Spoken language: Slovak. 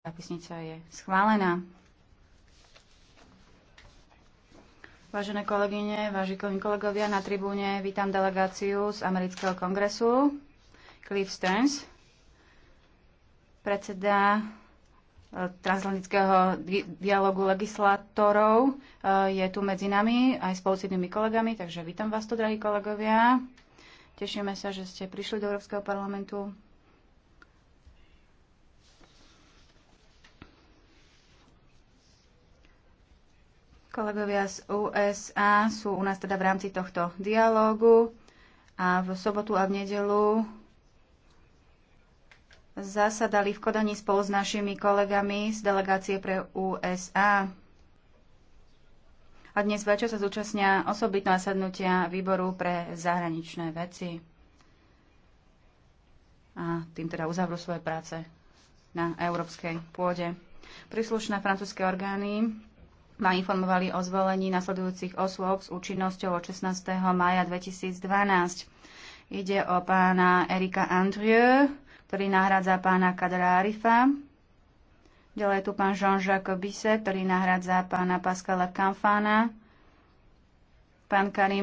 Zápisnica je schválená. Vážené kolegyne, váži kolegovia, na tribúne vítam delegáciu z amerického kongresu. Cliff Stearns, predseda eh, transatlantického dialogu legislátorov, eh, je tu medzi nami aj spolu s jednými kolegami, takže vítam vás tu, drahí kolegovia. Tešíme sa, že ste prišli do Európskeho parlamentu. Kolegovia z USA sú u nás teda v rámci tohto dialógu a v sobotu a v nedelu zasadali v Kodani spolu s našimi kolegami z delegácie pre USA. A dnes večer sa zúčastnia osobitná sadnutia výboru pre zahraničné veci. A tým teda uzavrú svoje práce na európskej pôde. Príslušné francúzske orgány ma informovali o zvolení nasledujúcich osôb s účinnosťou od 16. maja 2012. Ide o pána Erika Andrieu, ktorý nahradza pána Kadra Arifa. Ďalej je tu pán Jean-Jacques Bisset, ktorý nahradza pána Pascala Kamfana. Pán Karim